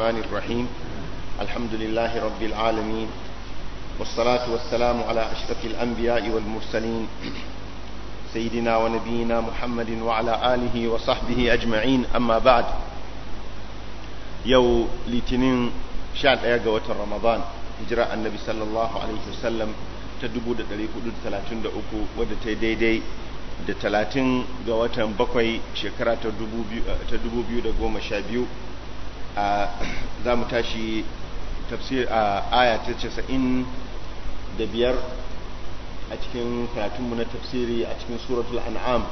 الرحمن الرحيم الحمد لله رب العالمين والصلاة والسلام على أشرف الأنبياء والمرسلين سيدنا ونبينا محمد وعلى آله وصحبه أجمعين أما بعد يو لتنين شاد أيقوة رمضان هجراء النبي صلى الله عليه وسلم تدبو دا تليك دا تلاتين دا أكو ودا تيديدي da talatin ga watan bakwai shekara ta dubu biyu da goma sha biyu za mu tashi tafsir a aya ta casa'in da biyar a cikin karatunmu na tafsiri a cikin suratul an'am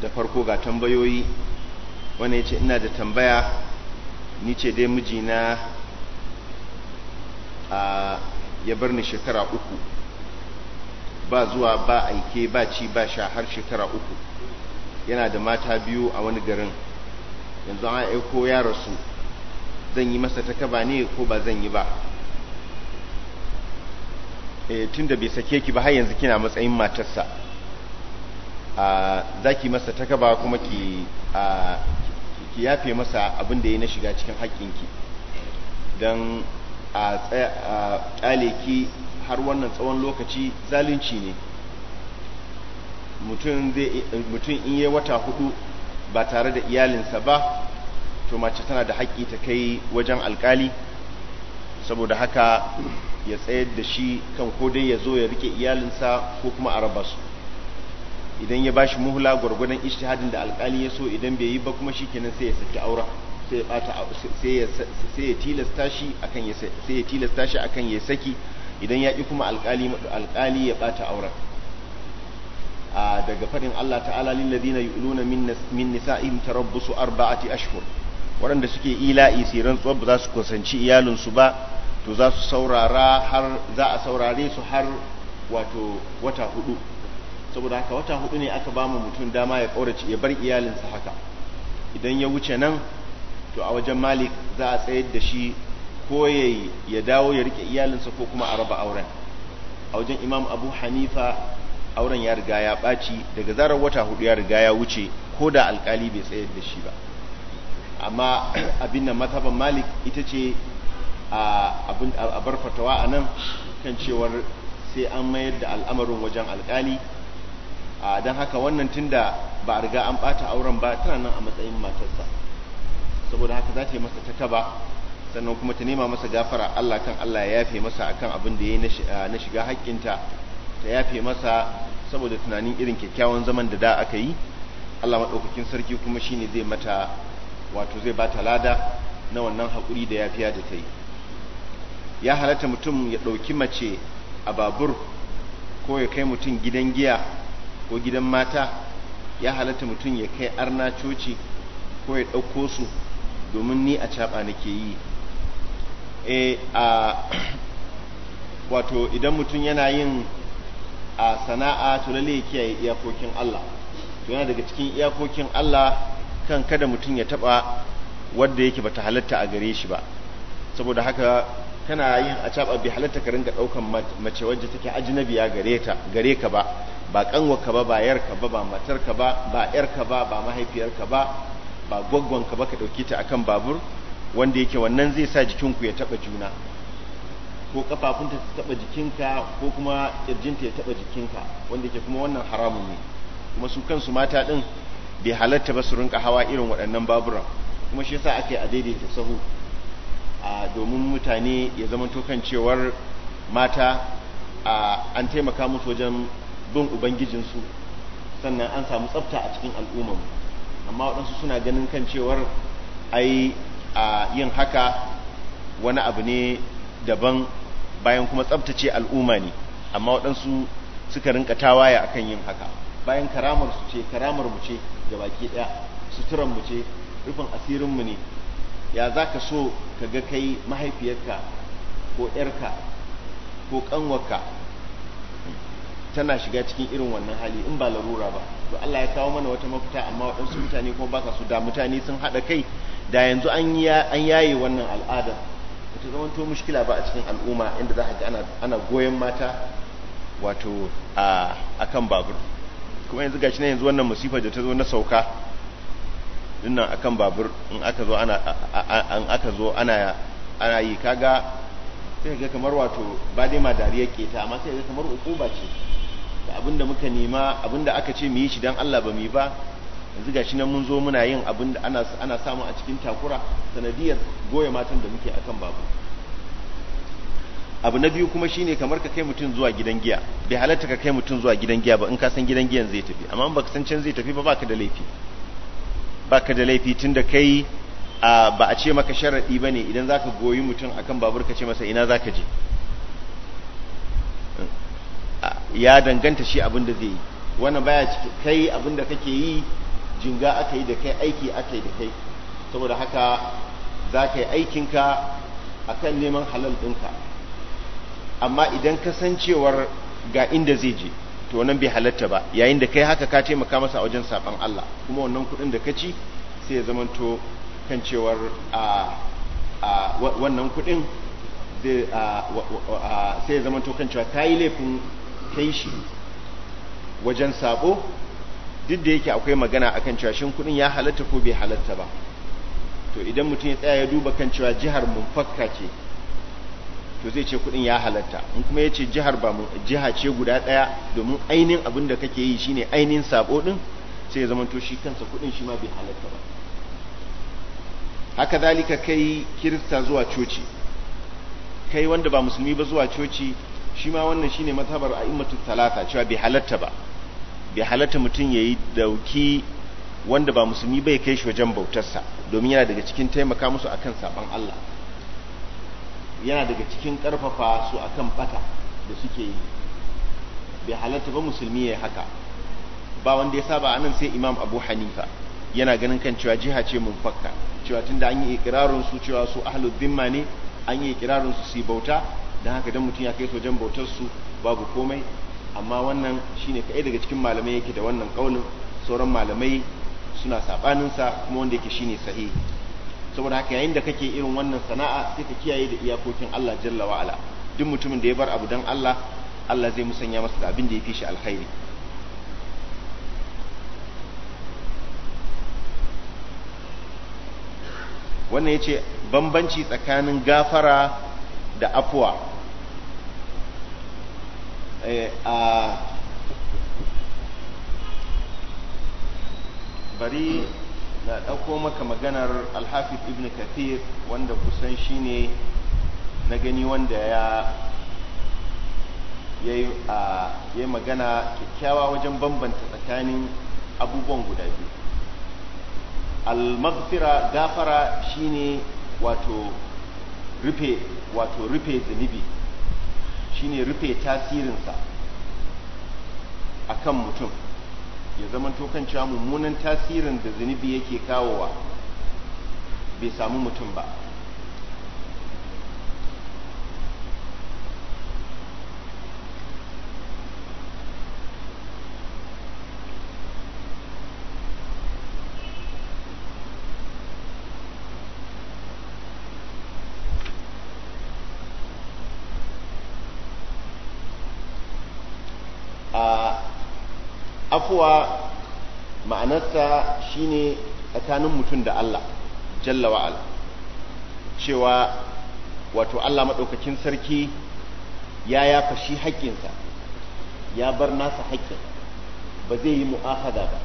da farko ga tambayoyi wani ya ce ina da tambaya ni ce dai mijina ya bar ni shekara uku ba zuwa ba aike ba ci ba sha har shekara uku yana da mata biyu a wani garin yanzu an aiko ya rasu zan yi masa takaba ne ko ba zan yi ba e, eh, tun da bai sake ki ba har yanzu kina matsayin matarsa ah, za ki masa takaba kuma ah, ki yafe masa abin da ya na shiga cikin haƙƙinki don a ƙyale ki har wannan tsawon lokaci zalunci ne mutum eh, in yi wata hudu ba tare da iyalinsa ba to mace tana da haƙƙi ta kai wajen alkali saboda haka ya tsayar da shi kan ko dai ya zo ya rike iyalinsa ko kuma a raba su idan ya bashi muhula gwargwadon ishtihadin da alkali ya so idan bai yi ba kuma shikenan sai ya saki aura sai ya bata sai tilasta shi akan ya sai ya tilasta shi akan ya saki idan ya ƙi kuma alkali ya ɓata auren daga faɗin Allah ta'ala lil ladina yu'luna min nisa'ihim tarabbusu arba'ati ashhur waɗanda suke ila'i sai rantsuwar ba za su kusanci iyalinsu ba to za su saurara har za a saurare su har wato wata hudu saboda haka wata hudu ne aka bamu mutum dama ya kaurace ya bar iyalinsa haka idan ya wuce nan to a wajen malik za a tsayar da shi ko ya dawo ya rike iyalinsa ko kuma a raba auren a wajen imam abu hanifa auren ya riga ya ɓaci daga zarar wata hudu ya riga ya wuce ko da alkali bai tsayar da shi ba amma abin nan mazhaban malik ita ce a bar fatawa a nan kan cewar sai an mayar da al'amarin wajen alkali don haka wannan tunda ba a riga an ɓata auren ba tana nan a matsayin matarsa saboda haka za ta yi masa ta taba sannan kuma ta nema masa gafara Allah kan Allah ya yafe masa akan abin da ya yi na shiga haƙƙinta ta yafe masa saboda tunanin irin kyakkyawan zaman da da aka yi Allah maɗaukakin sarki kuma shine zai mata wato zai bata lada na wannan haƙuri da yafiya da ta yi ya halatta mutum ya ɗauki mace a babur ko ya kai mutum gidan giya ko gidan mata ya halatta mutum ya kai arna coci ko ya ɗauko su domin ni a caɓa nake yi e a wato idan mutum yana yin a sana'a to lalle kiyaye iyakokin Allah to yana daga cikin iyakokin Allah kan kada mutum ya taba wanda yake bata halatta a gare shi ba saboda haka kana yin a caba bi halatta ka ringa daukan mace wacce take ajnabiya gare ta gare ka ba ba kanwarka ba ba yarka ba ba matarka ba ba yarka ba ba mahaifiyarka ba ba gwaggwanka ba ka dauke ta akan babur wanda yake wannan zai sa jikinku ya taba juna ko kafafunta ta taba jikinka ko kuma kirjinta ya taba jikinka wanda ke kuma wannan haramun ne kuma su kansu mata din bai halatta ba su rinka hawa irin waɗannan baburan kuma shi yasa ake a daidaita sahu a domin mutane ya zama kan cewar mata an taimaka musu wajen bin ubangijinsu sannan an samu tsafta a cikin al'ummar amma waɗansu suna ganin kan cewar ai yin haka wani abu ne daban bayan kuma tsabtace al'umma ne amma waɗansu suka rinka tawaye akan yin haka bayan karamar su ce karamar mu ce ga baki ɗaya suturan mu ce rufin asirinmu ne ya za ka so ka ga kai mahaifiyarka ko ƴarka ko ƙanwarka tana shiga cikin irin wannan hali in ba larura ba to Allah ya kawo mana wata mafita amma waɗansu mutane kuma ba ka so da mutane sun haɗa kai da yanzu an yaye wannan al'adar ta to mushkila ba a cikin al'umma inda za ka ga ana goyon mata wato a kan babur kuma yanzu gashi na yanzu wannan musifar da ta zo na sauka dinnan a kan babur in aka zo ana yi kaga sai ga kamar wato ba dai ma dariya keta amma sai ga kamar ba ce da abinda muka nema abinda aka ce mu yi shi dan Allah ba mu yi ba yanzu shi nan mun zo muna yin abin da ana samu a cikin takura sanadiyar goya matan da muke akan babu abu na biyu kuma shine kamar ka kai mutum zuwa gidan giya bai halatta ka kai mutum zuwa gidan giya ba in ka san gidan giyan zai tafi amma ba ka san can zai tafi ba baka da laifi baka da laifi tunda kai ba a ce maka ba ne idan zaka goyi mutum akan babur ka ce masa ina zaka je ya danganta shi abin da zai yi wannan baya kai abin da kake yi jinga aka yi da kai aiki aka yi da kai saboda haka za ka yi aikinka a kan neman halal ɗinka amma idan kasancewar ga inda zai je to nan bai halatta ba yayin da kai haka ka taimaka masa a wajen saɓan Allah kuma wannan kuɗin da ka ci sai ya zamanto kan cewar a wannan kuɗin sai ya zamanto kan cewa ka yi laifin kai shi wajen saɓo duk da yake akwai magana kan cewa shin kudin ya halatta ko bai halatta ba to idan mutum ya tsaya ya duba kan cewa jihar munfakka ce to zai ce kudin ya halatta in kuma ya ce jihar ba jiha ce guda daya domin ainihin abin da kake yi shine ainihin sabo din sai ya zamanto shi kansa kudin shi ma bai halatta ba haka zalika kai kirista zuwa coci kai wanda ba musulmi ba zuwa coci shi ma wannan shine mazhabar a'immatu talata cewa bai halatta ba bai halatta mutum ya yi dauki wanda ba musulmi bai kai shi wajen bautarsa domin yana daga cikin taimaka musu akan saban Allah yana daga cikin karfafa su akan bata da suke yi bai halatta ba musulmi ya haka ba wanda ya saba anan sai imam abu hanifa yana ganin kan cewa jiha ce mun fakka cewa tun da an yi ikirarun su cewa su ahlu dhimma ne an yi ikirarun su su bauta dan haka dan mutum ya kai su wajen bautar su babu komai amma wannan shine kai daga cikin malamai yake da wannan kaulin sauran malamai suna saɓaninsa kuma wanda yake shine sahihi saboda haka yayin da kake irin wannan sana'a sai ka kiyaye da iyakokin Allah jalla wa ala duk mutumin da ya bar abu dan Allah Allah zai musanya masa da abin da ya fi shi alkhairi wannan yace bambanci tsakanin gafara da afuwa Eh, a bari na ɗauko maka maganar alhafiz ibn kathir wanda kusan shi ne na gani wanda ya yi magana kyakkyawa wajen bambanta tsakanin abubuwan guda biyu al-maghfira gafara shine wato rufe wato rufe zunubi shi ne rufe tasirinsa a kan mutum ya zama kan cewa mummunan tasirin da zunubi yake kawowa bai samu mutum ba ma'anarta shine tsakanin mutum da Allah jalla wa'ala cewa wato Allah maɗaukakin sarki ya ya shi haƙƙinsa ya bar nasa haƙƙin ba zai yi mu'ahada ba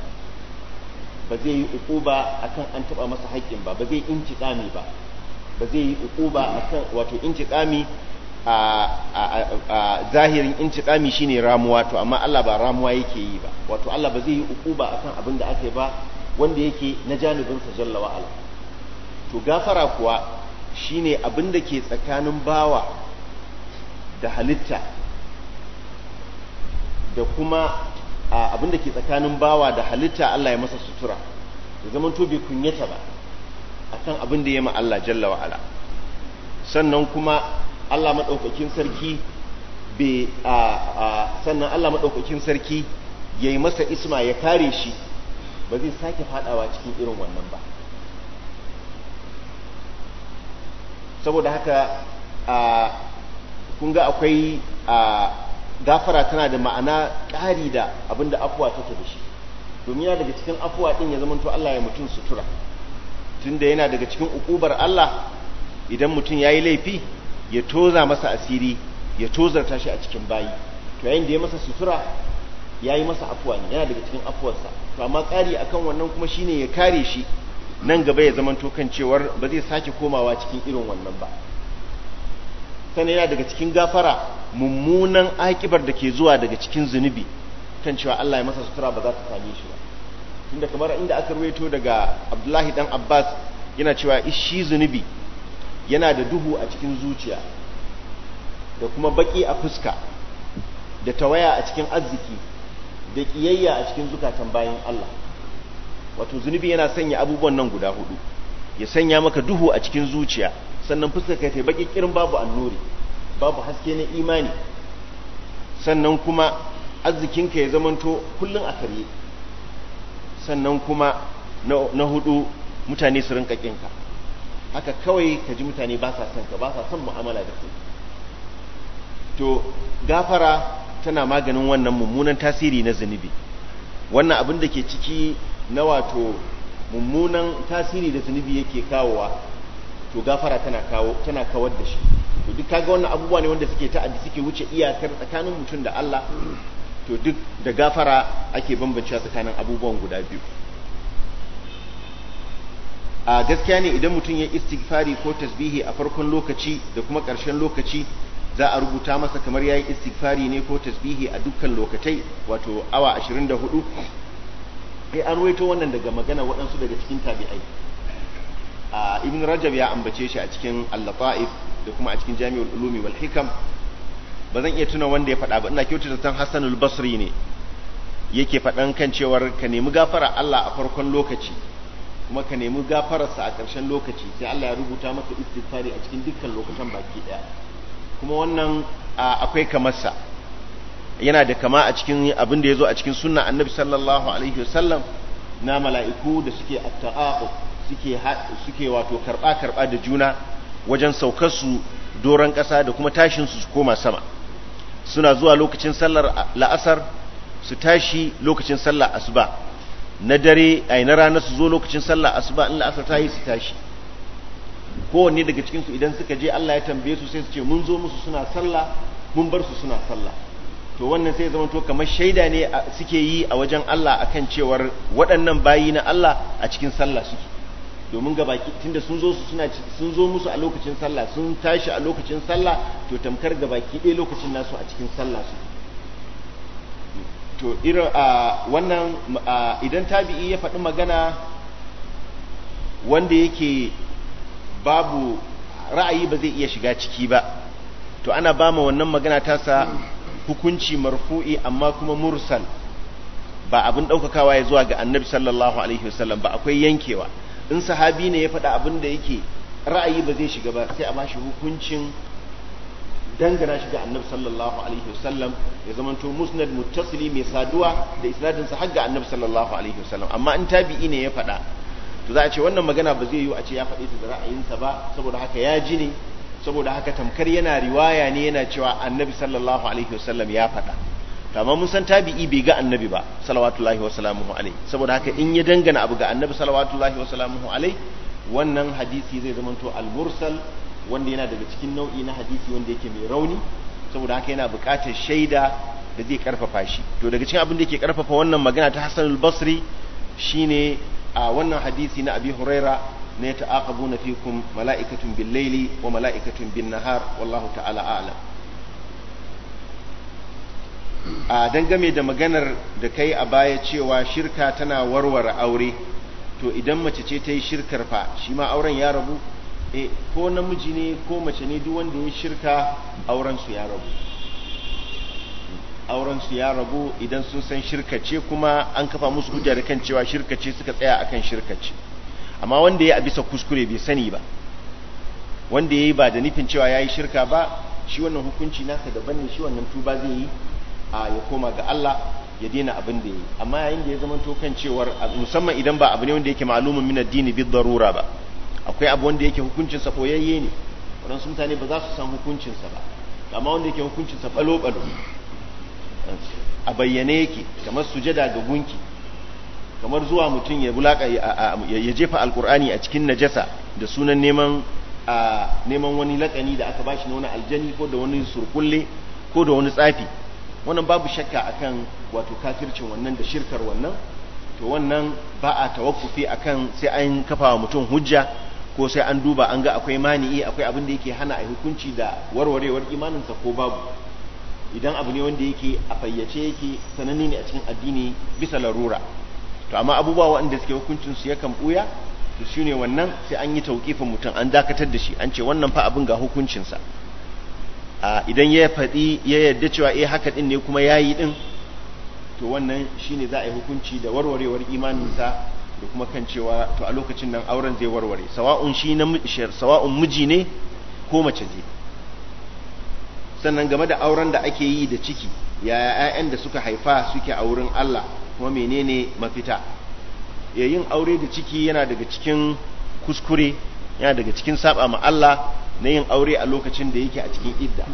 ba zai yi uquba akan an taɓa masa haƙƙin ba ba zai tsami ba ba zai yi uquba akan wato tsami. a zahirin intiqami shine ramuwa to amma Allah ba ramuwa yake yi ba wato Allah ba zai yi ukuba akan abin da aka yi ba wanda yake na janibin sa jalla wa ala to gafara kuwa shine abin da ke tsakanin bawa da halitta da kuma abin da ke tsakanin bawa da halitta Allah ya masa sutura da zaman to bai kunyata ba akan abin da ya ma Allah jalla wa ala sannan kuma Allah maɗaukakin sarki be a sannan Allah maɗaukakin sarki ya yi masa isma ya kare shi ba zai sake faɗawa cikin irin wannan ba saboda haka a kun ga akwai a gafara tana da ma'ana ƙari da abinda afuwa take da shi domin yana daga cikin afuwa ɗin ya zama to Allah ya mutum sutura tunda yana daga cikin ukubar Allah idan mutum ya yi laifi ya toza masa asiri ya tozarta shi a cikin bayi to yayin da ya masa sutura ya yi masa afuwa ne yana daga cikin afuwarsa to amma kari akan wannan kuma shine ya kare shi nan gaba ya zamanto kan cewar ba zai sake komawa cikin irin wannan ba sannan yana daga cikin gafara mummunan akibar da ke zuwa daga cikin zunubi kan cewa Allah ya masa sutura ba za ta same shi ba tunda kamar inda aka ruwaito daga Abdullahi dan Abbas yana cewa ishi zunubi yana da duhu a cikin zuciya da kuma baki a fuska da tawaya a cikin arziki da kiyayya a cikin zukatan bayan Allah wato zunubi yana sanya abubuwan nan guda hudu ya sanya maka duhu a cikin zuciya sannan fuska kai ta baki kirin babu annuri babu haske na imani sannan kuma arzikinka ya zamanto kullun a karye sannan kuma na hudu mutane su rinka kinka haka kawai ka ji mutane ba sa son ka ba sa son mu'amala da kai to gafara tana maganin wannan mummunan tasiri na zunubi wannan abin da ke ciki na wato mummunan tasiri da zunubi yake kawowa to gafara tana kawo tana kawar da shi to duk kaga wannan abubuwa ne wanda suke ta'addi suke wuce iyakar tsakanin mutum da Allah to duk da gafara ake bambance tsakanin abubuwan guda biyu a gaskiya ne idan mutum ya istighfari ko tasbihi a farkon lokaci da kuma ƙarshen lokaci za a rubuta masa kamar yayi istighfari ne ko tasbihi a dukkan lokatai wato awa 24 Ai an ruwaito wannan daga magana waɗansu daga cikin tabi'ai a ibn rajab ya ambace shi a cikin al da kuma a cikin jami'ul ulumi wal hikam ba zan iya tuna wanda ya faɗa ba ina kyautata san hasanul basri ne yake faɗan kan cewar ka nemi gafara Allah a farkon lokaci kuma ka nemi gafararsa a ƙarshen lokaci sai Allah ya rubuta maka istighfari a cikin dukkan lokutan baki daya kuma wannan akwai kamarsa yana da kama a cikin abin da ya zo a cikin sunna annabi sallallahu alaihi wasallam na mala'iku da suke attaqaqu suke suke wato karba karba da juna wajen saukar su doron ƙasa da kuma tashin su koma sama suna zuwa lokacin sallar la'asar su tashi lokacin sallar asuba na dare ai na rana su zo lokacin sallah asuba in la'asar ta yi su tashi kowanne daga cikinsu idan suka je Allah ya tambaye su sai su ce mun zo musu suna sallah mun bar su suna sallah to wannan sai zama to kamar shaida ne suke yi a wajen Allah akan cewar waɗannan bayi na Allah a cikin sallah suke domin ga baki tunda sun zo suna sun zo musu a lokacin sallah sun tashi a lokacin sallah to tamkar ga baki ɗaya lokacin nasu a cikin sallah suke to irin a wannan idan tabi'i ya faɗi magana wanda yake babu ra'ayi ba zai iya shiga ciki ba to ana ba ma wannan magana tasa hukunci marfu'i amma kuma mursal ba abin ɗaukakawa ya zuwa ga annabi sallallahu alaihi wasallam ba akwai yankewa in sahabi ne ya faɗa abin da yake ra'ayi ba zai shiga ba sai a bashi hukuncin dangana shi ga annabi sallallahu alaihi wasallam ya zamanto musnad muttasili mai saduwa da isnadin sa har ga annabi sallallahu alaihi wasallam amma in tabi'i ne ya faɗa to za a ce wannan magana ba zai yi a ce ya faɗi ta da ra'ayinsa ba saboda haka ya ji ne saboda haka tamkar yana riwaya ne yana cewa annabi sallallahu alaihi wasallam ya faɗa amma mun san tabi'i bai ga annabi ba salawatullahi wa salamuhu alaihi saboda haka in ya dangana abu ga annabi salawatullahi wa salamuhu alaihi wannan hadisi zai zamanto al-mursal wanda yana daga cikin nau'i na hadisi wanda yake mai rauni saboda haka yana buƙatar shaida da zai karfafa shi to daga cikin abin da yake karfafa wannan magana ta Hassan al-Basri shine a wannan hadisi na Abi Huraira ne na fikum mala'ikatun bil laili wa mala'ikatun bin nahar wallahu ta'ala a'lam a dangame da maganar da kai a baya cewa shirka tana warware aure to idan mace ce ta yi shirkar fa shi ma auren ya rabu e ko namiji ne ko mace ne duk wanda ya shirka auren su ya rabu auren su ya rabu idan sun san shirkace kuma an kafa musu hujja da kan cewa shirkace suka tsaya akan shirkace amma wanda ya bisa kuskure bai sani ba wanda ya yi ba da nufin cewa ya yi shirka ba shi wannan hukunci nasa daban ne shi wannan tuba zai yi a ya koma ga Allah ya dena abin da ya yi amma yayin da ya zama to kan cewar musamman idan ba abu ne wanda yake ma'alumin min addini bid darura ba akwai abu wanda yake hukuncinsa koyayye ne waɗansu mutane ba za su san hukuncinsa ba amma wanda yake hukuncinsa balo-balo a bayyane yake kamar sujada ga gunki kamar zuwa mutum ya bulaka ya jefa alkur'ani a cikin najasa da sunan neman neman wani lakani da aka bashi na wani aljani ko da wani surkulle ko da wani tsafi wannan babu shakka akan wato kafircin wannan da shirkar wannan to wannan ba a tawakkufi akan sai an kafa wa mutum hujja ko sai an duba an ga akwai mani'i akwai abin da yake hana a hukunci da warwarewar imaninsa ko babu idan abu ne wanda yake a fayyace yake sananne ne a cikin addini bisa larura to amma abubuwa waɗanda suke hukuncin su yakan buya to shine wannan sai an yi tauƙifin mutum an dakatar da shi an ce wannan fa abin ga hukuncinsa a idan ya faɗi ya yarda cewa eh haka din ne kuma yayi din to wannan shine za a yi hukunci da warwarewar imaninsa da kuma kan cewa to a lokacin nan auren zai warware sawa'un shi na sawa'un miji ne ko mace ce sannan game da auren da ake yi da ciki yaya 'ya'yan da suka haifa suke a wurin Allah kuma menene mafita ya yin aure da ciki yana daga cikin kuskure yana daga cikin saba ma Allah na yin aure a lokacin da yake a cikin idda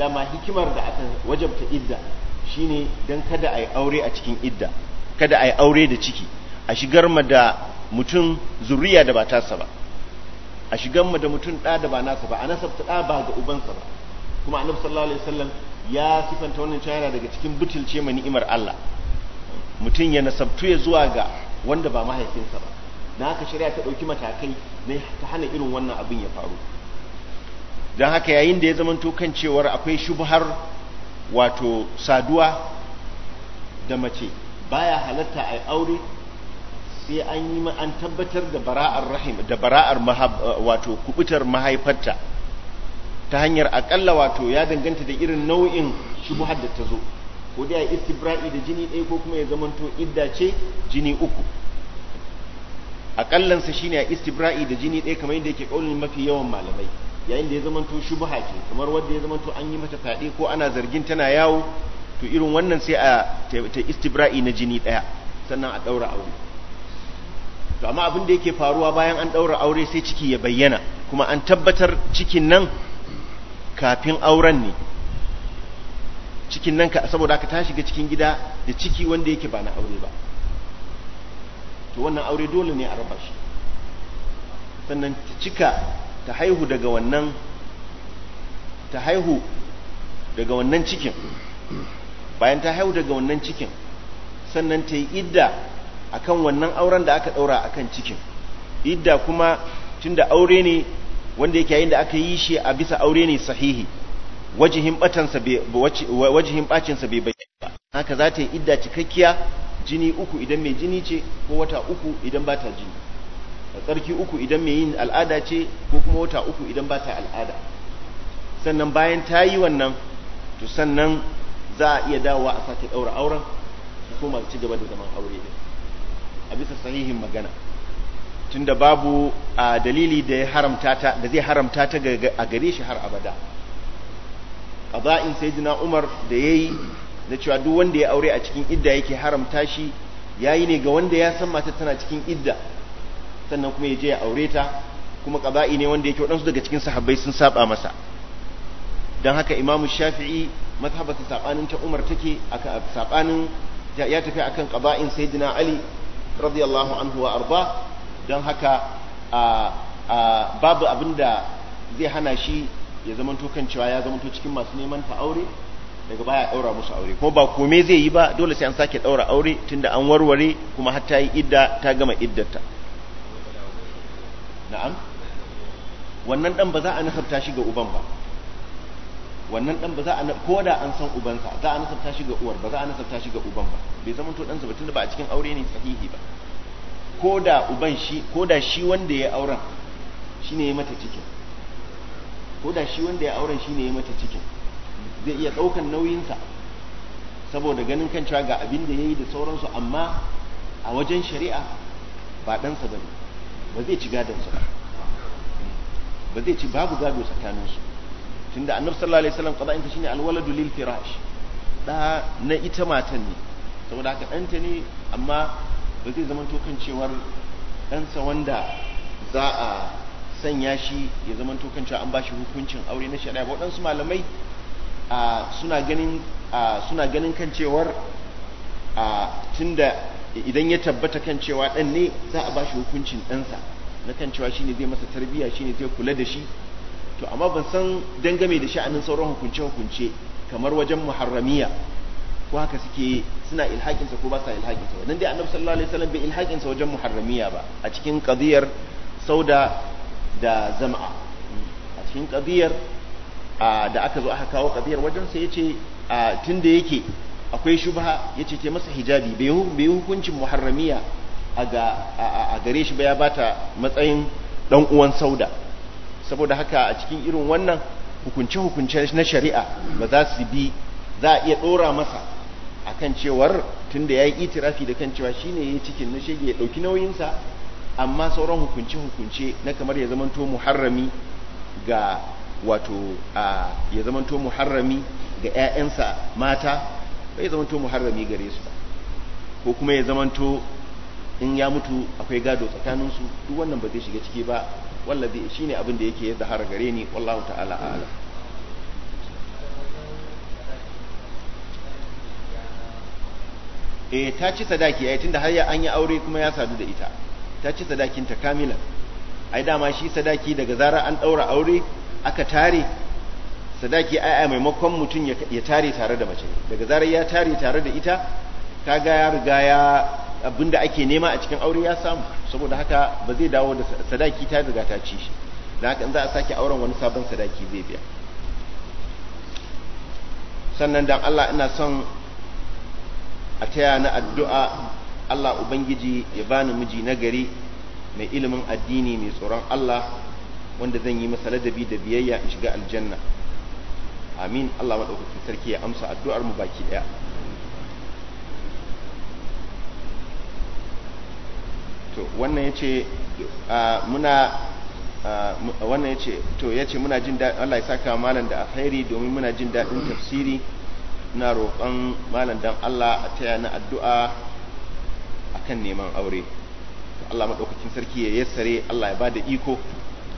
dama hikimar da aka wajabta idda shine dan kada ai aure a cikin idda kada ayi aure da ciki a shigar ma da mutum zuriya da ba tasa ba a shigar ma da mutum ɗa da ba nasa ba a nasabta ɗa ba ga ubansa ba kuma annabi sallallahu alaihi wasallam ya sifanta wannan cewa daga cikin butulce ma ni'imar Allah mutum ya nasabtu ya zuwa ga wanda ba mahaifinsa ba na haka shari'a ta ɗauki matakai na ta hana irin wannan abin ya faru don haka yayin da ya zamanto kan cewar akwai shubhar wato saduwa da mace baya halatta a aure sai an yi an tabbatar da bara'ar rahim da bara'ar wato kubutar mahaifarta ta hanyar akalla wato ya danganta da irin nau'in shubuhar da ta zo ko da istibra'i da jini ɗaya ko kuma ya zamanto idda ce jini uku akallansa shine a istibra'i da jini ɗaya kamar yadda yake kaulin mafi yawan malamai yayin da ya zamanto shubuha ce kamar wadda ya zamanto an yi mata fyaɗe ko ana zargin tana yawo to irin wannan sai a ta istibra'i na jini ɗaya sannan a ɗaura aure to amma abin da yake faruwa bayan an ɗaura aure sai ciki ya bayyana kuma an tabbatar cikin nan kafin auren ne cikin nan saboda ka ta shiga cikin gida da ciki wanda yake ba na aure ba to wannan aure dole ne a raba shi sannan ta cika ta haihu daga wannan ta haihu daga wannan cikin bayan ta haihu daga wannan cikin sannan ta yi idda akan wannan auren da aka daura akan cikin idda kuma tunda aure ne wanda yake yayin da aka yi shi a bisa aure ne sahihi wajihin bai wajihin bacinsa bai bayyana ba haka za ta yi idda cikakkiya jini uku idan mai jini ce ko wata uku idan ba ta jini tsarki uku idan mai yin al'ada ce ko kuma wata uku idan ba ta al'ada sannan bayan ta yi wannan to sannan za a iya dawowa a sake daura auren ko ma ci gaba da zaman aure din a bisa sahihin magana tunda babu a dalili da ya haramta ta da zai haramta ta a gare shi har abada qada'in sayyidina Umar da yayi da cewa duk wanda ya aure a cikin idda yake haramta shi yayi ne ga wanda ya san mata tana cikin idda sannan kuma ya je ya aure ta kuma qada'i ne wanda yake waɗansu daga cikin sahabbai sun saba masa dan haka imamu Shafi'i mazhabata sabanin ta Umar take aka sabanin ya tafi akan qada'in sayyidina Ali radiyallahu anhu wa arba don haka babu abin da zai hana shi ya zamanto kan cewa ya zamanto cikin masu neman ta aure daga baya daura musu aure kuma ba kome zai yi ba dole sai an sake daura aure tunda an warware kuma har ta yi idda ta gama iddarta na'am wannan dan ba za a nasabta shi ga uban ba wannan dan ba za a ko da an san ubansa za a nasabta shi ga uwar ba za a nasabta shi ga uban ba bai zama to ɗansa ba tunda ba a cikin aure ne sahihi ba ko da uban shi ko da shi wanda ya auren shine ya mata cikin ko da shi wanda ya auren shine ya mata cikin zai iya nauyin nauyinsa saboda ganin kan cewa ga abin da ya yi da sauransu amma a wajen shari'a ba ɗansa ba ne ba zai ci gadon ba ba zai ci babu gado tsakaninsu tunda annabi sallallahu alaihi wasallam qada'in ta shine alwaladu lil firash da na ita matan ne saboda haka ɗanta ne amma ba zai zama to kan cewar ɗansa wanda za a sanya shi ya zama to kan cewa an bashi hukuncin aure na shari'a ba waɗansu malamai suna ganin suna ganin kan cewar tunda idan ya tabbata kan cewa ɗan ne za a bashi hukuncin ɗansa na kan cewa shine zai masa tarbiyya shine zai kula da shi to amma ban san dangame da sha'anin sauran hukunce hukunce kamar wajen muharramiya ko haka suke suna ilhakin sa ko ba sa ilhakin sa wannan dai annabi sallallahu alaihi wasallam bai ilhakin sa wajen muharramiya ba a cikin qadiyar sauda da zam'a a cikin qadiyar da aka zo aka kawo qadiyar wajen sa yace tunda yake akwai shubha yace ke masa hijabi bai hukuncin muharramiya a gare shi ba ya bata matsayin dan uwan sauda saboda haka a cikin irin wannan hukunce-hukunce na shari'a ba za su bi za a iya ɗora masa a kan cewar tunda ya yi itirafi da kan cewa shi ne ya yi cikin na shege ya ɗauki nauyinsa amma sauran hukunce-hukunce na kamar ya zamanto muharrami ga wato ya zamanto muharrami ga 'ya'yansa mata ba ya zamanto muharrami gare su ko kuma ya zamanto in ya mutu akwai gado tsakaninsu duk wannan ba zai shiga ciki ba wallazi shine abin da yake ya zahara gare ni wallahu ta'ala a'lam eh ta ci sadaki ai tunda har ya an yi aure kuma ya sadu da ita ta ci sadakin ta kamilan ai dama shi sadaki daga zara an daura aure aka tare sadaki ai ai maimakon mutum ya tare tare da mace daga zarar ya tare tare da ita kaga ya riga ya abinda ake nema a cikin aure ya samu saboda haka ba zai dawo da sadaki ta riga ta ci shi da haka in za a sake auren wani sabon sadaki zai biya sannan dan Allah ina son a taya na addu'a Allah ubangiji ya bani miji nagari mai ilimin addini mai tsoron Allah wanda zan yi masa ladabi da biyayya in shiga aljanna amin Allah madaukakin sarki ya amsa addu'ar mu baki ɗaya. to wannan yace muna wannan yace to yace muna jin daɗin Allah ya saka malam da alheri domin muna jin daɗin tafsiri na roƙon malam dan Allah a taya na addu'a akan neman aure Allah maɗaukakin sarki ya yassare Allah ya bada iko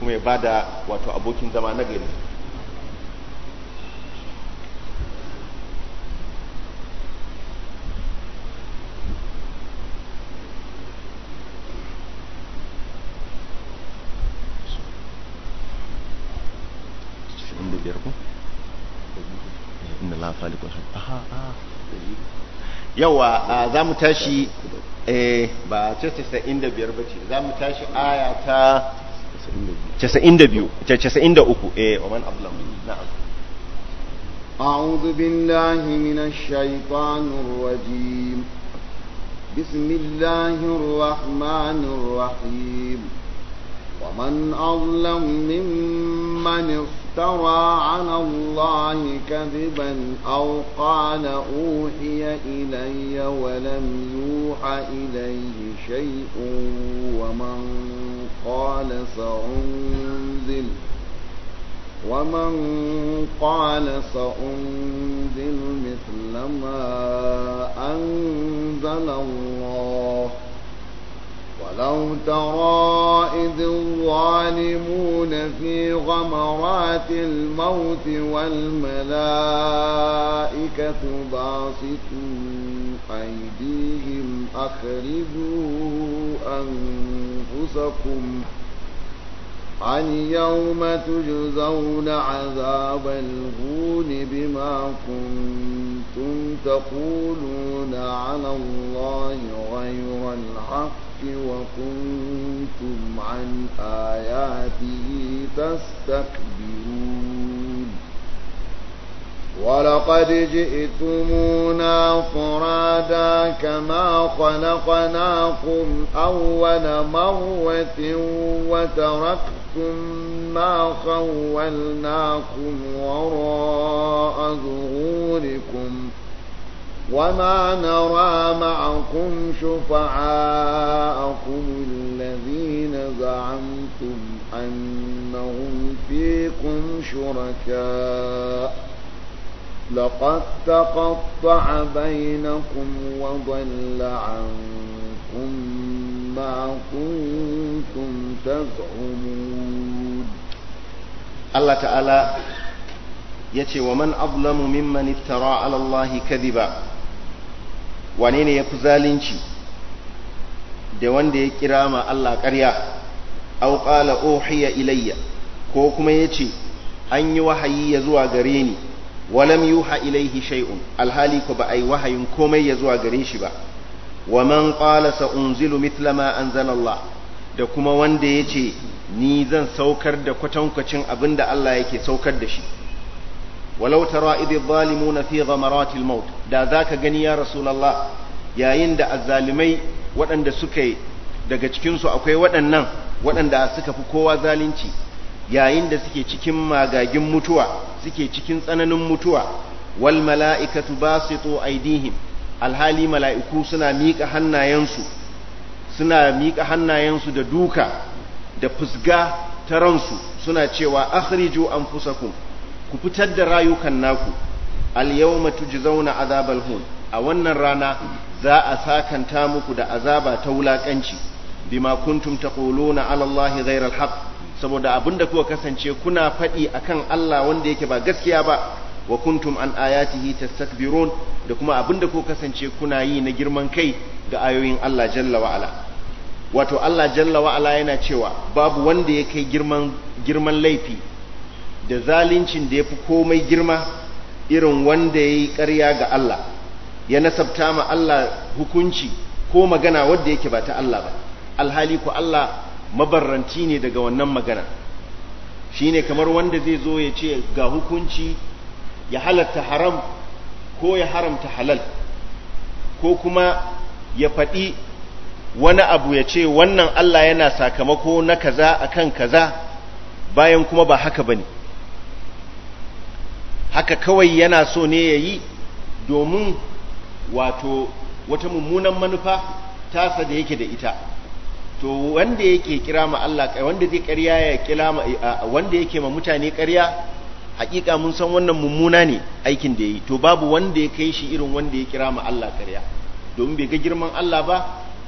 kuma ya bada wato abokin zama na gari Yau wa yawa za mu tashi ba ce 95 ce, za mu tashi aya ta 92 93 eh wa man ablam na'am أعوذ بالله من الشيطان الرجيم بسم الله الرحمن الرحيم ومن أظلم ممن افترى افترى على الله كذبا أو قال أوحي إلي ولم يوحى إليه شيء ومن قال سأنزل ومن قال سأنزل مثل ما أنزل الله ولو ترى إذ الظالمون في غمرات الموت والملائكة باسطوا أيديهم أخرجوا أنفسكم اليوم تجزون عذاب الهون بما كنتم تقولون على الله غير الحق وكنتم عن آياته تستكبرون ولقد جئتمونا فرادا كما خلقناكم أول مرة وتركتم ما خولناكم وراء ظهوركم ۖ وما نرى معكم شفعاءكم الذين زعمتم أنهم فيكم شركاء لقد تقطع بينكم وضل عنكم ما كنتم تزعمون الله تعالى يتي ومن أظلم ممن افترى على الله كذبا wane ne ya fi zalunci da wanda ya kira ma Allah ƙarya au qala ilayya ko kuma ya ce an yi wahayi ya zuwa gare ni walam wuha ilaihi shai'un alhali ko ba a yi wahayin komai ya zuwa gare shi ba wa man qala sa unzilu mitlama an Allah da kuma wanda ya ce ni zan saukar da kwatankwacin abin da Allah yake saukar da shi walau tara idh adh-dhalimuna fi ghamaratil da da zaka gani ya rasulallah, yayin da azzalimai waɗanda suka daga cikinsu akwai waɗannan waɗanda suka fi kowa zalunci yayin da suke cikin magagin mutuwa suke cikin tsananin mutuwa wal mala'ikatu basitu aydihim alhali mala'iku suna miƙa hannayensu suna miƙa hannayensu da duka da fusga ta ransu suna cewa akhriju anfusakum ku fitar da rayukan naku al-yawma tujzauna azabal hun a wannan rana za a sakanta muku da azaba ta wulakanci bima kuntum taquluna ala Allah ghayra al saboda abinda kuka kasance kuna faɗi akan Allah wanda yake ba gaskiya ba wa kuntum an ayatihi tastakbirun da kuma abinda kuka kasance kuna yi na girman kai ga ayoyin Allah jalla wa ala wato Allah jalla wa ala yana cewa babu wanda ya kai girman girman laifi da zalincin da ya fi komai girma irin wanda ya yi ƙarya ga Allah ya nasabta ma Allah hukunci ko magana wadda yake ba ta Allah ba alhali ku Allah mabarranci ne daga wannan magana shi ne kamar wanda zai zo ya ce ga hukunci ya halatta haram ko ya haramta halal ko kuma ya faɗi wani abu ya ce wannan Allah yana sakamako na kaza akan kaza bayan kuma ba haka ba ne haka kawai yana so ne ya yi domin wato wata mummunan manufa tasa da yake da ita to wanda yake kira ma Allah wanda zai ƙarya ya kira ma wanda yake ma mutane ƙarya hakika mun san wannan mummuna ne aikin da yi to babu wanda ya kai shi irin wanda ya kira ma Allah ƙarya domin bai ga girman Allah ba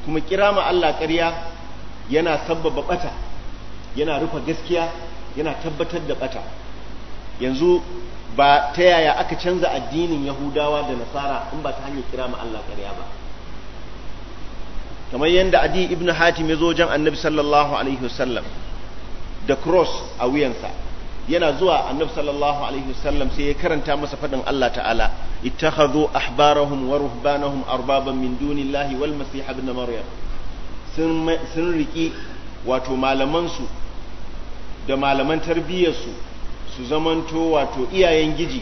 kuma kira ma Allah ƙarya yana sabbaba bata yana rufe gaskiya yana tabbatar da bata yanzu ba ta yaya aka canza addinin yahudawa da nasara in ba ta hanyar kira ma Allah ƙarya ba kamar yadda adi ibn hatim ya zo wajen annabi sallallahu alaihi wasallam da cross a wuyansa yana zuwa annabi sallallahu alaihi wasallam sai ya karanta masa fadin Allah ta'ala ittakhadhu ahbarahum wa ruhbanahum arbaban min dunillahi wal masih ibn maryam sun sun riki wato malaman su da malaman tarbiyyar su su zamanto wato iyayen giji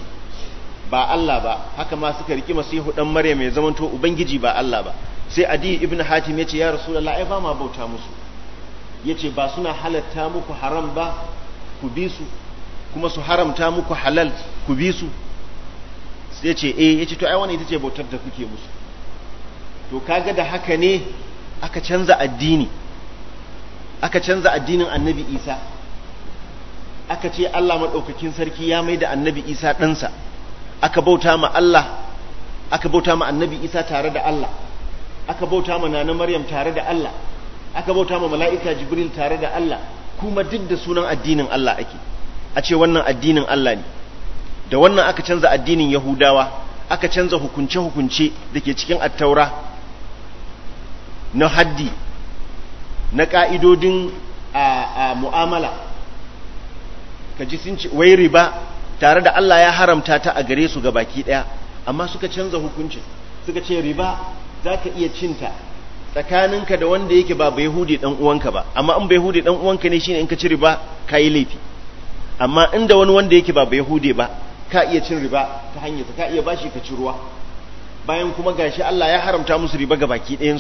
ba Allah ba haka ma suka riki masihu dan maryam mai zamanto ubangiji ba Allah ba sai adi ibn hatim yace ya rasulullah ai ba ma bauta musu yace ba suna halatta muku haram ba ku bi su kuma su haramta muku halal ku bi su sai yace eh yace to ai wannan ita ce bautar da kuke musu to kaga da haka ne aka canza addini aka canza addinin annabi isa aka ce Allah maɗaukakin sarki ya mai da annabi isa ɗansa aka bauta ma Allah aka bauta ma annabi isa tare da Allah aka bauta ma nana maryam tare da Allah aka bauta ma mala'ika jibril tare da Allah kuma duk da sunan addinin Allah ake a ce wannan addinin Allah ne da wannan aka canza addinin yahudawa aka canza hukunce-hukunce da ke cikin attaura na haddi na ƙa'idodin a mu'amala ka ji sun ce wai riba tare da Allah ya haramta ta a gare su ga baki ɗaya amma suka canza hukuncin suka ce riba za ka iya cinta tsakaninka da wanda yake ba bai yahudi dan uwanka ba amma in bai yahudi dan uwanka ne shine in ka ci riba ka yi laifi amma inda wani wanda yake ba bai yahudi ba ka iya cin riba ta hanyar ka iya bashi ka ci ruwa bayan kuma gashi Allah ya haramta musu riba ga baki ɗayan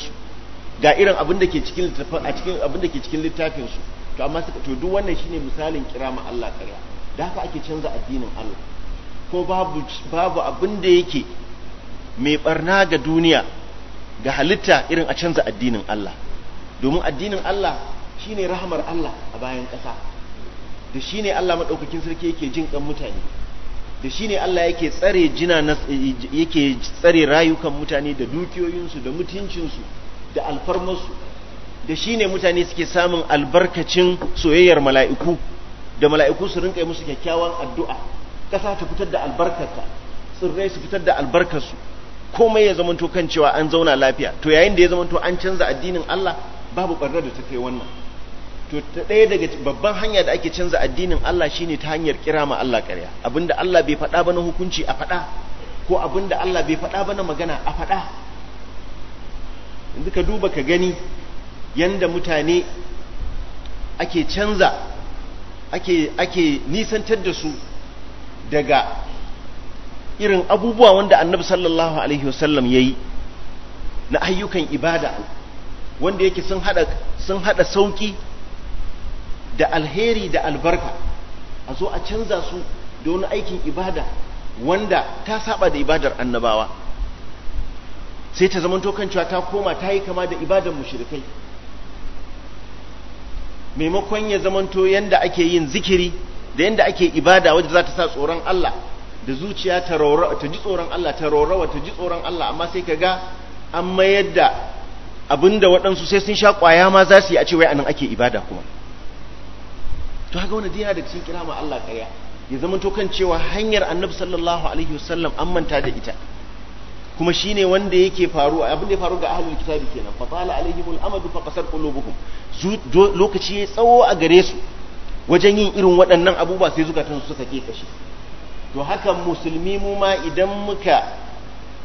ga irin abin da ke cikin littafin abin da ke cikin littafin su to amma suka to duk wannan shine misalin kira ma Allah ƙarya da haka ake canza addinin Allah ko babu babu abin da yake mai barna ga duniya ga halitta irin a canza addinin Allah domin addinin Allah shine rahmar Allah a bayan ƙasa da shine Allah madaukakin sarki yake jin kan mutane da shine Allah yake tsare jina yake tsare rayukan mutane da dukiyoyinsu da mutuncinsu da alfarmarsu da shi ne mutane suke samun albarkacin soyayyar mala'iku da mala'iku su rinka musu kyakkyawan addu'a ƙasa ta fitar da albarkarta tsirrai su fitar da albarkarsu komai ya zamanto kan cewa an zauna lafiya to yayin da ya zamanto an canza addinin Allah babu ɓarnar da ta kai wannan to ta ɗaya daga babban hanya da ake canza addinin Allah shine ta hanyar kira ma Allah ƙarya abinda Allah bai faɗa ba na hukunci a faɗa ko abinda Allah bai faɗa ba na magana a faɗa yanzu ka duba ka gani yanda mutane ake canza ake ake nisantar da su daga irin abubuwa wanda annabi sallallahu alaihi wasallam ya yi na ayyukan ibada wanda yake sun hada sun hada sauki da alheri da albarka a zo a canza su da wani aikin ibada wanda ta saba da ibadar annabawa sai ta zamanto kan cewa ta koma ta yi kama da ibadar mushrikai maimakon ya zamanto yanda ake yin zikiri da yanda ake ibada wajen za ta sa tsoron Allah da zuciya ta ji tsoron Allah ta rorawa ta ji tsoron Allah amma sai ka ga an mayar da abinda waɗansu sai sun sha ƙwaya ma za su yi a ce wai anan ake ibada kuma to haka wani diya da cikin kira ma Allah ƙarya ya zama kan cewa hanyar annabi sallallahu alaihi wasallam an manta da ita kuma shine wanda yake faru abin da ya faru ga ahlul kitabi kenan fa tala alaihimul amad fa qasar qulubuhum lokaci ya tsawo a gare su wajen yin irin waɗannan abubuwa sai zukatan su suka ke kashi to haka musulmi mu ma idan muka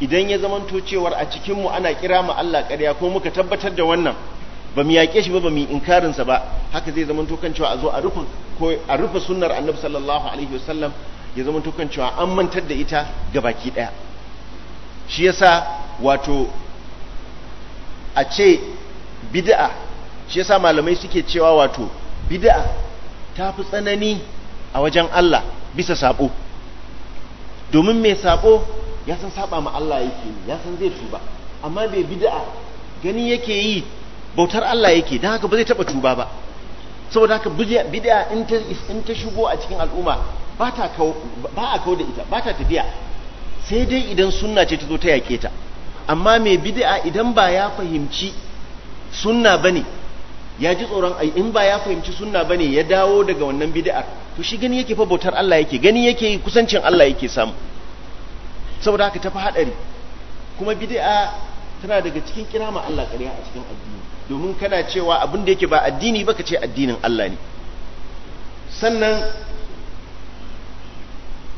idan ya zamanto cewa a cikin mu ana kira mu Allah ƙarya ko muka tabbatar da wannan ba mu yaƙe shi ba ba mu inkarin sa ba haka zai zamanto kan cewa a zo a rufe ko a rufe sunnar annabi sallallahu alaihi wasallam ya zamanto kan cewa an mantar da ita gabaki ɗaya shi yasa wato a ce bid'a shi yasa malamai suke cewa wato bid'a ta fi tsanani a wajen Allah bisa sabo domin mai sabo ya san saba ma Allah yake ya san zai tuba amma bai bid'a gani yake yi bautar Allah yake don haka ba zai taba tuba ba saboda haka bid'a in ta shigo a cikin al'umma ba a kawo da ita ba ta tafiya sai dai idan sunna ce ta zo ta yaƙe ta amma mai bid'a idan ba ya fahimci sunna bane ya ji tsoron ai in ba ya fahimci sunna bane ya dawo daga wannan bid'ar to shi gani yake fa bautar Allah yake gani yake kusancin Allah yake samu saboda haka tafi hadari kuma bid'a tana daga cikin kirama Allah kariya a cikin addini domin kana cewa abin da yake ba addini ba ka ce addinin Allah ne sannan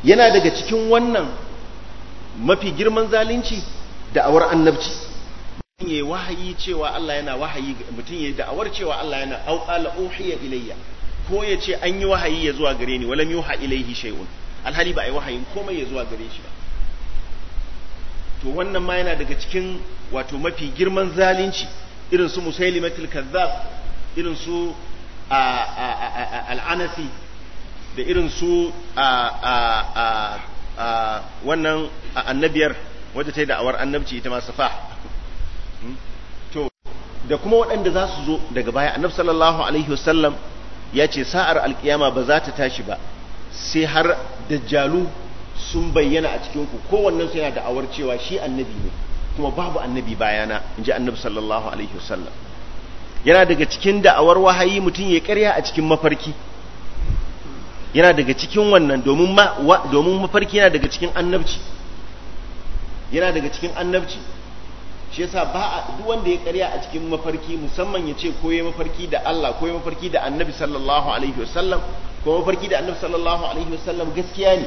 yana daga cikin wannan mafi girman zalunci da'awar annabci mutum yayi wahayi cewa Allah yana wahayi mutum yayi da'awar cewa Allah yana au uhiya ilayya ko ya ce an yi wahayi ya zuwa gare ni walam yuha ilaihi shay'un alhali ba ai wahayin komai ya zuwa gare shi ba to wannan ma yana daga cikin wato mafi girman zalunci irin su musailimatul kazzab irin su al'anasi da irin su wannan annabiyar wadda ta yi da'awar annabci ita masu fa. Hmm? to da kuma waɗanda za su zo daga baya annab sallallahu alaihi wasallam ya ce sa'ar alkiyama ba za ta tashi ba sai har dajjalu sun bayyana a cikinku kowannen su yana da'awar cewa shi annabi ne kuma babu annabi bayana in ji annabi sallallahu alaihi wasallam yana daga cikin da'awar wahayi mutum ya karya a cikin mafarki yana daga cikin wannan domin ma domin mafarki yana daga cikin annabci yana daga cikin annabci shi yasa ba a duk wanda ya karya a cikin mafarki musamman ya ce ko yayi mafarki da Allah ko yayi mafarki da annabi sallallahu alaihi wasallam ko mafarki da annabi sallallahu alaihi wasallam gaskiya ne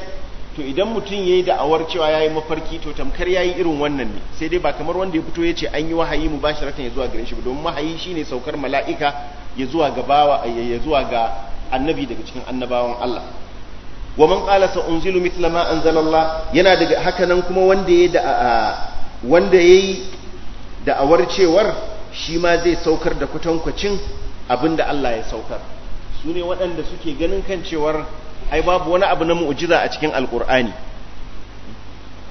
to idan mutum yayi awar cewa yayi mafarki to tamkar yayi irin wannan ne sai dai ba kamar wanda ya fito ya ce an yi wahayi mubasharatan ya zuwa gare shi ba domin wahayi shine saukar mala'ika ya zuwa ga bawa ya zuwa ga annabi daga cikin annabawan Allah wa man qala sa unzilu mithla ma anzalallah yana daga hakanan kuma wanda yayi da wanda yayi da awarcewar shi ma zai saukar da kwatankwacin abinda Allah ya saukar su ne waɗanda suke ganin kan cewar ai babu wani abu na mu'jiza a cikin alkur'ani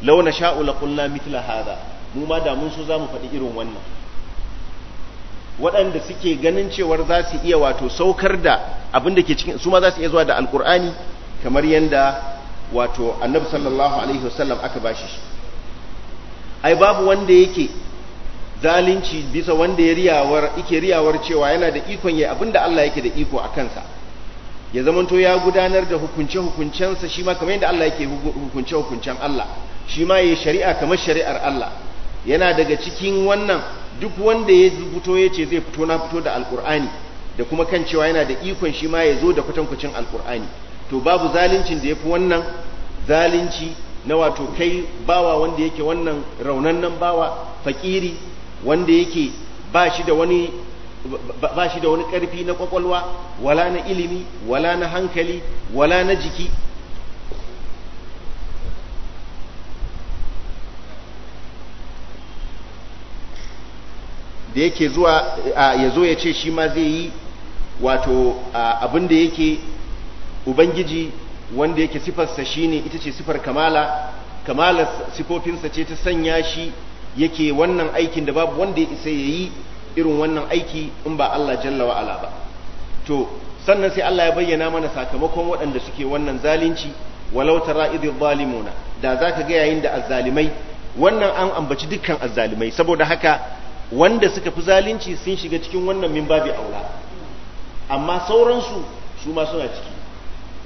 law nasha'u laqulna mithla hadha mu ma da mun so zamu faɗi irin wannan waɗanda suke ganin cewar za su iya wato saukar da abin da ke cikin su ma za su iya zuwa da alkur'ani kamar yadda wato annabi sallallahu alaihi wasallam aka bashi shi ai babu wanda yake zalunci bisa wanda ya riyawar yake riyawar cewa yana da ikon ya abin Allah yake da iko a kansa ya zamanto ya gudanar da hukunce hukuncensa shi ma kamar yadda Allah yake hukunce hukuncen Allah shi ma yayi shari'a kamar shari'ar Allah yana daga cikin wannan duk wanda ya fito ya ce zai fito na fito da alkur'ani da kuma kan cewa yana da ikon shi ma ya zo da kwatankwacin alkur'ani to babu zalincin da ya fi wannan zalunci na wato kai bawa wanda yake wannan raunannan bawa fakiri wanda yake ba da wani ba shi da wani ƙarfi na kwakwalwa wala na ilimi wala na hankali wala na jiki da yake zuwa ya zo ya ce shi ma zai yi wato abin da yake ubangiji wanda yake sifarsa shine ita ce sifar kamala kamala sifofinsa ce ta sanya shi yake wannan aikin da babu wanda ya isa ya yi irin wannan aiki in ba Allah jalla wa ba to sannan sai Allah ya bayyana mana sakamakon waɗanda suke wannan zalunci walau tara idil zalimuna da zaka ga yayin da azzalimai wannan an ambaci dukkan azzalimai saboda haka wanda suka fi zalunci sun shiga cikin wannan min babi aula amma sauransu su ma suna ciki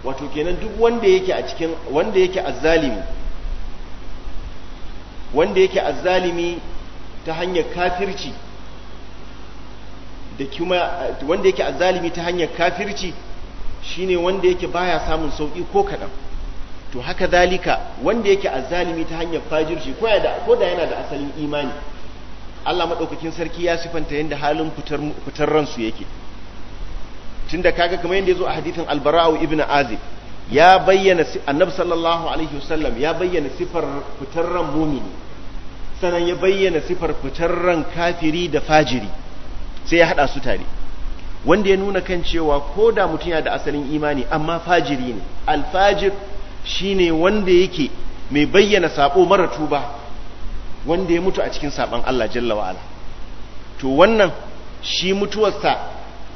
wato kenan duk wanda yake a cikin wanda yake azzalimi wanda yake azzalimi ta hanyar kafirci da kuma wanda yake azzalimi ta hanyar kafirci shine wanda yake baya samun sauki ko kadan to haka zalika wanda yake azzalimi ta hanyar fajirci ko da yana da asalin imani Allah maɗaukakin sarki ya sifanta yadda halin fitar ransu yake tunda kaga kamar yadda ya zo a hadithin albara'u ibn azib ya bayyana annabi sallallahu alaihi wasallam ya bayyana sifar fitar ran mumini sannan ya bayyana sifar fitar ran kafiri da fajiri sai ya hada su tare wanda ya nuna kan cewa ko da mutum yana da asalin imani amma fajiri ne alfajir shine wanda yake mai bayyana sabo mara tuba wanda ya mutu a cikin saban Allah jalla wa'ala to wannan shi mutuwarsa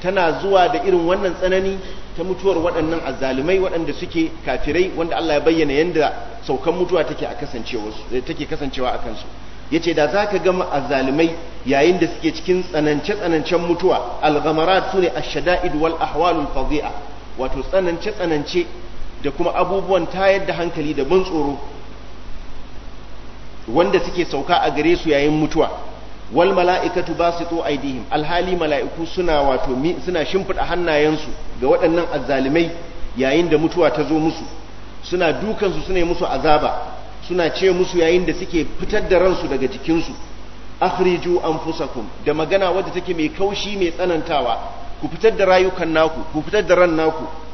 tana zuwa da irin wannan tsanani ta mutuwar waɗannan azzalumai waɗanda suke kafirai wanda Allah ya bayyana yadda saukan mutuwa take kasancewa eh, take kasancewa a kansu yace da zaka gama azzalumai yayin da suke cikin tsanance tsanancen mutuwa al-ghamarat sune ash-shada'id wal ahwalul fadhi'a wato tsanance tsanance da kuma abubuwan tayar da hankali da bin tsoro wanda suke sauka a gare su yayin mutuwa wal mala'ikatu basitu aidihim alhali mala'iku suna wato suna shimfida hannayensu ga waɗannan azzalimai yayin da mutuwa ta zo musu suna dukan su suna musu azaba suna ce musu yayin da suke fitar da ransu daga jikinsu akhriju anfusakum da magana wadda take mai kaushi mai tsanantawa ku fitar da rayukan naku ku fitar da ran naku